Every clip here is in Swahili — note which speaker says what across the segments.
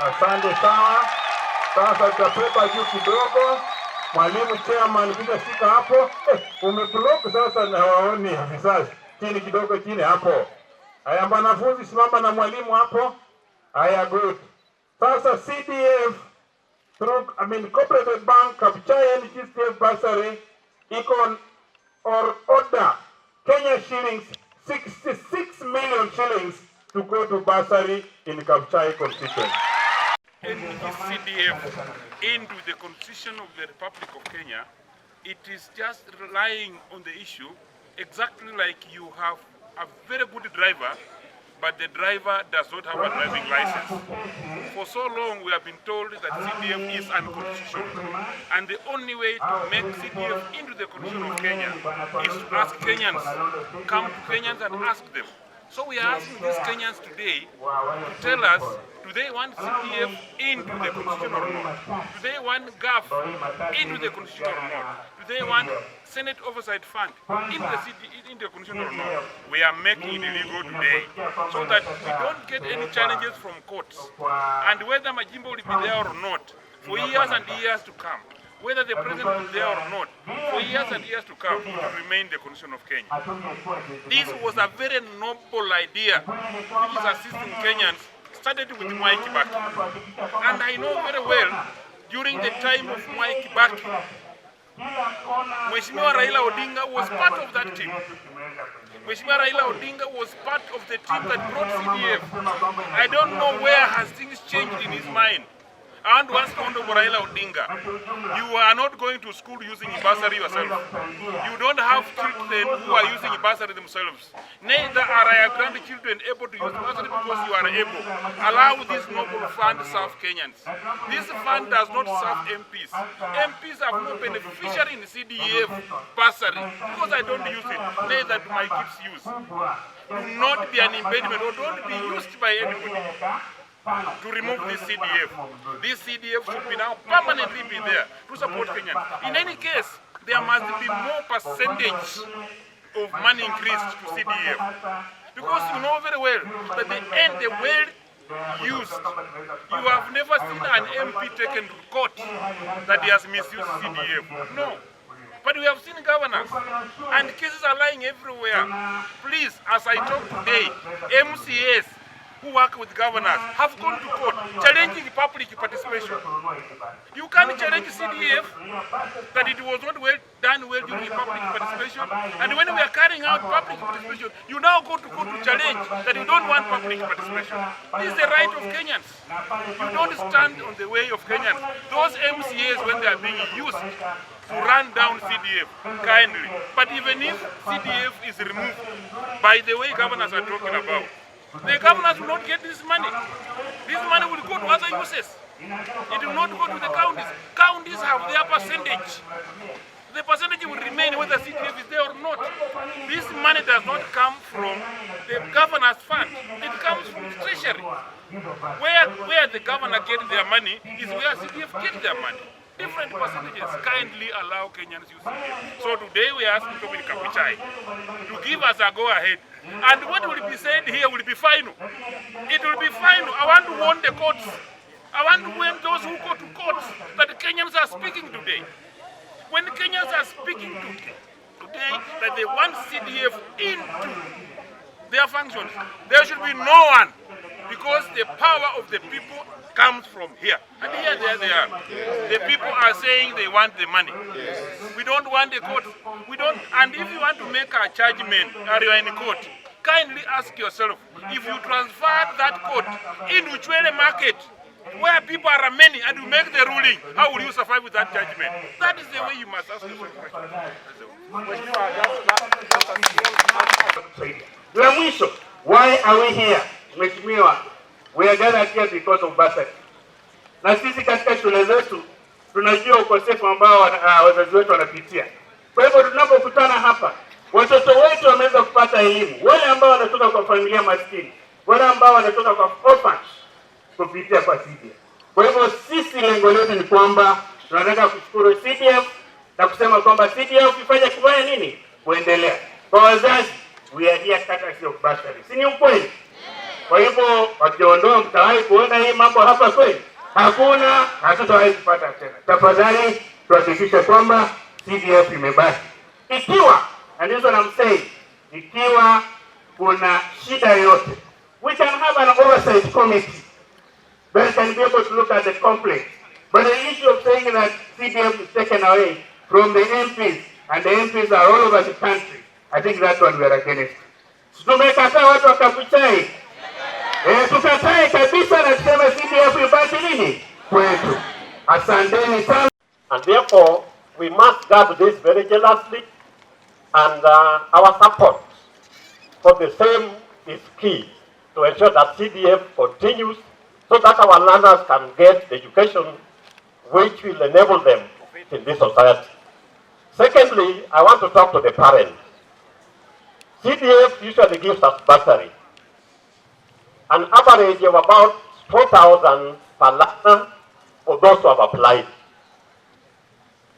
Speaker 1: Asante sana. Sasa tutapepa juu kidogo. Mwalimu chairman kisha fika hapo. Eh, umeblock sasa na waone Chini kidogo chini hapo. Haya wanafunzi simama na mwalimu hapo. Haya good. Sasa CDF through I mean Cooperative Bank Kabuchai CDF Bursary iko or order Kenya shillings 66 million shillings to go to bursary in Kabuchai constituency.
Speaker 2: and the CDF into the Constitution of the Republic of Kenya, it is just relying on the issue exactly like you have a very good driver, but the driver does not have a driving license. For so long, we have been told that CDF is unconstitutional, and the only way to make CDF into the Constitution of Kenya is to ask Kenyans, come to Kenyans and ask them, So we are asking these Kenyans today to tell us, do they want CPF into the constitution or not? Do they want GAF into the constitution or not? Do they want Senate Oversight Fund in the city, in the constitution or not? We are making it illegal today so that we don't get any challenges from courts. And whether Majimbo will be there or not, for years and years to come whether the president is there or not, for years and years to come, will remain the condition of Kenya. This was a very noble idea which is assisting Kenyans, started with Mwai Kibaki. And I know very well, during the time of Mwai Kibaki, Mheshimiwa Raila Odinga was part of that team. Mheshimiwa Raila Odinga was part of the team that brought CDF. I don't know where has things changed in his mind. And once Honorable Raila Odinga, you are not going to school using bursary yourself. You don't have children who are using bursary themselves. Neither are your grandchildren able to use bursary because you are able. Allow this noble fund serve Kenyans. This fund does not serve MPs. MPs have no beneficiary in CDF bursary because I don't use it. Neither do my kids use. Do not be an impediment or don't be used by anybody to remove this CDF. This CDF should be now permanently be there to support Kenya. In any case, there must be more percentage of money increased to CDF. Because you know very well that the end the world used. You have never seen an MP taken to court that he has misused CDF. No. But we have seen governors, and cases are lying everywhere. Please, as I talk today, MCS who work with governors have gone to court challenging public participation. You can't challenge CDF that it was not well done well during public participation. And when we are carrying out public participation, you now go to court to challenge that you don't want public participation. This is the right of Kenyans. You don't stand on the way of Kenyans. Those MCAs, when they are being used, to run down CDF kindly. But even if CDF is removed, by the way governors are talking about, The governors will not get this money. This money will go to other uses. It will not go to the counties. Counties have their percentage. The percentage will remain whether CDF is there or not. This money does not come from the governor's fund. It comes from the treasury. Where, where the governor gets their money is where CTF gets their money different percentages. Kindly allow Kenyans use it. So today we ask Muthomin Kabuchai to give us a go-ahead. And what will be said here will be final. It will be final. I want to warn the courts. I want to warn those who go to courts that Kenyans are speaking today. When Kenyans are speaking today, today that they want CDF into their functions, there should be no one because the power of the people comes from here. And here there they are. The people are saying they want the money. We don't want the court. We don't and if you want to make a judgment are you in court, kindly ask yourself if you transfer that court in Chwele market where people are many and you make the ruling, how will you survive with that judgment? That is the way you must ask yourself
Speaker 3: question. why are we here? Mheshimiwa, we are gathered here because of bursary. Na sisi katika shule zetu tunajua ukosefu ambao uh, wazazi wetu wanapitia. Kwa hivyo tunapokutana hapa, watoto wetu wameweza kupata elimu, wale ambao wanatoka kwa familia maskini, wale ambao wanatoka kwa orphans kupitia kwa CDF. Kwa hivyo sisi lengo letu ni kwamba tunataka kushukuru CDF na kusema kwamba CDF ifanye kufanya nini kuendelea kwa wazazi, we are here bursary, si ni ukweli? Kwa hivyo wakiondoa, mtawahi kuona hii mambo hapa kweli? Hakuna, hatutawahi kupata tena. Tafadhali tuhakikishe kwamba CDF imebaki. Ikiwa anizo na msei, ikiwa kuna shida yoyote, we can have an oversight committee that can be able to look at the complaint. But the issue of saying that CDF is taken away from the MPs and the MPs are all over the country, I think that one we are against. Tumekataa watu wakakuchai Sasa saye kabisa nasema CDF ibaki nini kwetu. Asanteni sana. And therefore we must guard this very jealously and uh, our support for the same is key to ensure that CDF continues so that our learners can get the education which will enable them in this society. Secondly, I want to talk to the parents. CDF usually gives us bursary an average of about 4,000 per learner for those who have applied.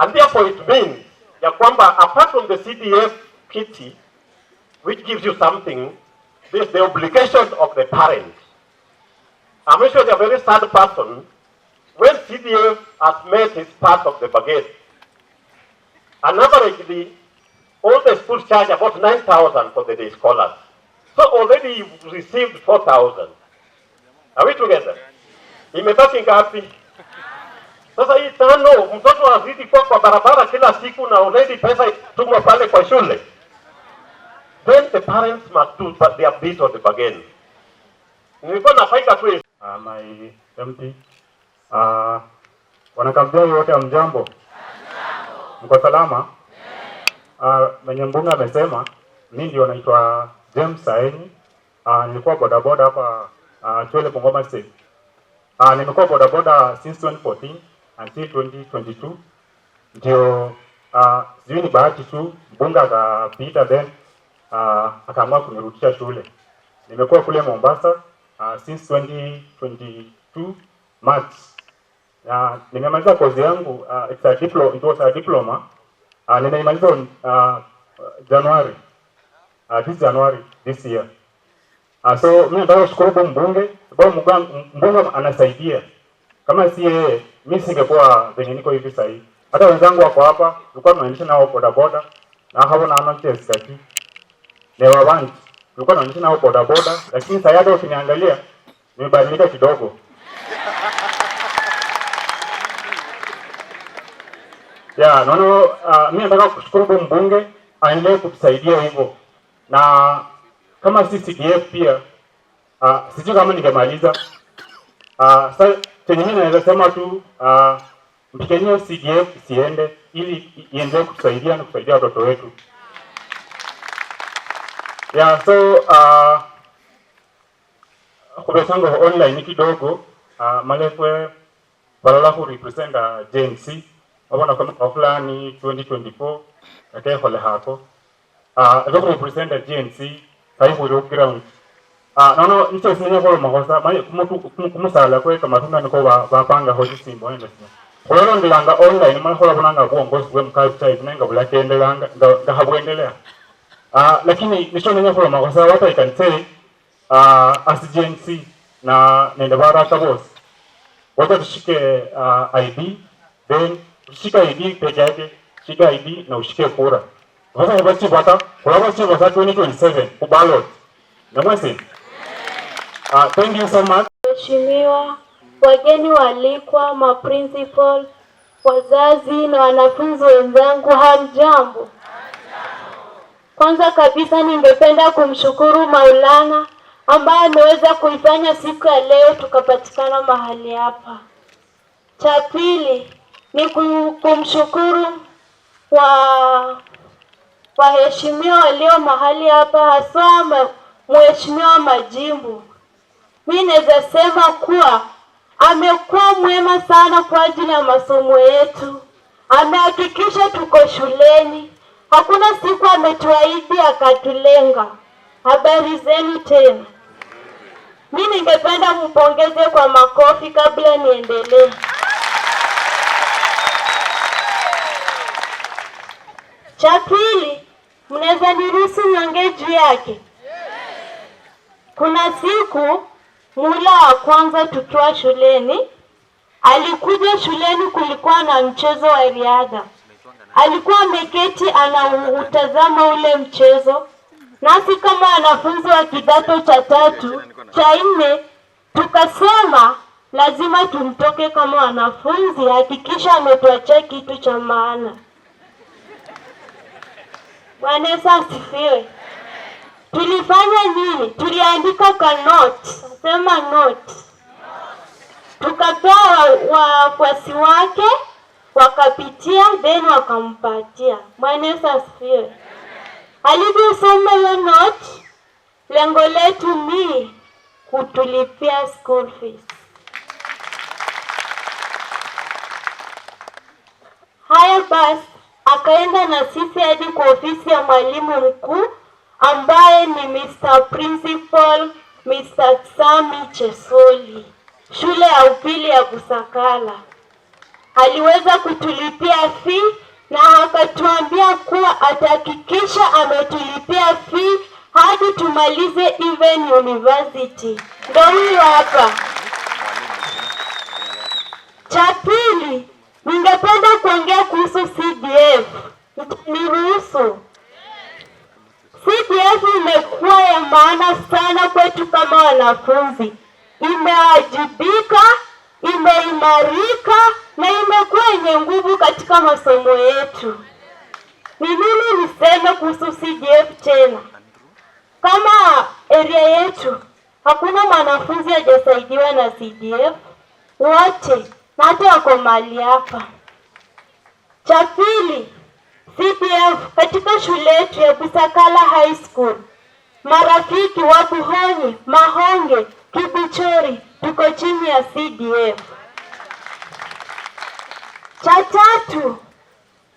Speaker 3: And therefore it means that kwamba apart from the CDF kitty, which gives you something, there's the obligation of the parent. I'm sure they're a very sad person when CDF has met its part of the baguette. And averagely, all the schools charge about 9,000 for the day scholars. So already you received 4000. Are we together? Imebaki ngapi? Sasa hii tano, mtoto azidi kwa kwa barabara kila siku na already pesa itumwa pale kwa shule. Then the parents must do but they are bit on the bargain. Nilikuwa na faida tu.
Speaker 4: Ah, my MT. Ah, wanakabdai wote amjambo. Mko salama? Ah, mwenye mbunge amesema mimi ndio naitwa James Saini. Uh, nilikuwa bodaboda hapa uh, ah, Chwele Bungoma State. Uh, nimekuwa bodaboda since 2014 until 2022. Ndio uh, sijui ni bahati tu mbunge akapita then uh, akaamua kunirudisha shule. Nimekuwa kule Mombasa uh, since 2022 March. Na Uh, nimemaliza kozi yangu uh, it's a diploma, it was a diploma. Uh, nimeimaliza uh, Januari uh, this January this year. Uh, so mimi nataka kushukuru kwa mbunge sababu mbunge anasaidia. Kama si yeye mimi singekuwa venye niko hivi sasa hivi. Hata wenzangu wako hapa, tulikuwa tunaendesha nao boda boda na hapo na ama test kati. Lewa wanti. Tulikuwa tunaendesha nao boda boda lakini sasa hata ukiniangalia nimebadilika kidogo. Ya, yeah, naona uh, mimi nataka kushukuru kwa mbunge aendelee kutusaidia hivyo na kama CCDF pia uh, sijui kama ningemaliza uh, sa chenye mimi naweza sema tu uh, ah, mpikenyo CDF siende ili iendelee kutusaidia na kusaidia watoto wetu yeah, so uh, kubetango online kidogo uh, malekwe balala ku represent uh, JNC obona kama fulani 2024 katekhole hako uh, ah, ezo GNC saifu ilo ground uh, ah, nono nicho simenya kolo mahosa maye kumutu kumusala kwe kamatunda niko ba bapanga hoji simbo ene sima ndi langa online mala kola bunanga buongozi bwe mukazi type nenga bulakendelanga nga habwendelea uh, lakini nicho nenya kolo makosa what I can say uh, as GNC na nende baraka bosi wacha tushike uh, ID then tushike ID peke yake shika ID na ushike kura mwaka 2027 namwesi uh, thank you so much
Speaker 5: Mheshimiwa, wageni walikwa, ma principal, wazazi na wanafunzi wenzangu, hamjambo. Kwanza kabisa ningependa kumshukuru Maulana ambaye ameweza kuifanya siku ya leo tukapatikana mahali hapa. Cha pili ni kumshukuru kwa waheshimiwa walio mahali hapa, hasa mheshimiwa Majimbu, mi naweza sema kuwa amekuwa mwema sana kwa ajili ya masomo yetu. Amehakikisha tuko shuleni, hakuna siku ametuahidi akatulenga. Habari zenu tena. Mi ningependa mpongeze kwa makofi kabla niendelee. Cha pili, Mnaweza dirusi nyongeji yake. Kuna siku mula wa kwanza tukiwa shuleni alikuja shuleni, kulikuwa na mchezo wa riadha. Alikuwa ameketi anautazama ule mchezo, nasi kama wanafunzi wa kidato cha tatu cha nne tukasema lazima tumtoke kama wanafunzi, hakikisha ametuachia kitu cha maana. Bwana Yesu asifiwe. Tulifanya nini? Tuliandika kwa note, sema note, tukapewa wafuasi wa wake wakapitia, then wakampatia. Bwana Yesu asifiwe. Alivyosoma hiyo note, lengo letu ni kutulipia school fees. Haya basi akaenda na sisi hadi kwa ofisi ya mwalimu mkuu ambaye ni Mr. Principal Mr. Sami Chesoli, shule ya upili ya Busakala. Aliweza kutulipia fee na akatuambia kuwa atahakikisha ametulipia fee hadi tumalize Even University. Ndio hapa. yetu kama wanafunzi imewajibika, imeimarika na imekuwa yenye nguvu katika masomo yetu. Ni nini niseme kuhusu CDF tena? Kama area yetu hakuna mwanafunzi hajasaidiwa na CDF, wote na hata wako mali hapa. Cha pili, CDF katika shule yetu ya Busakala High School Marafiki wa Buhonyi, Mahonge, Kipichori tuko chini ya CDF. Cha tatu,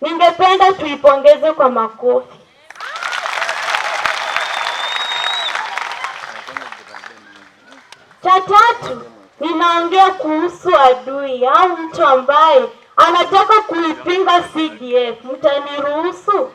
Speaker 5: ningependa tuipongeze kwa makofi. Cha tatu, ninaongea kuhusu adui au mtu ambaye anataka kuipinga CDF, mtaniruhusu?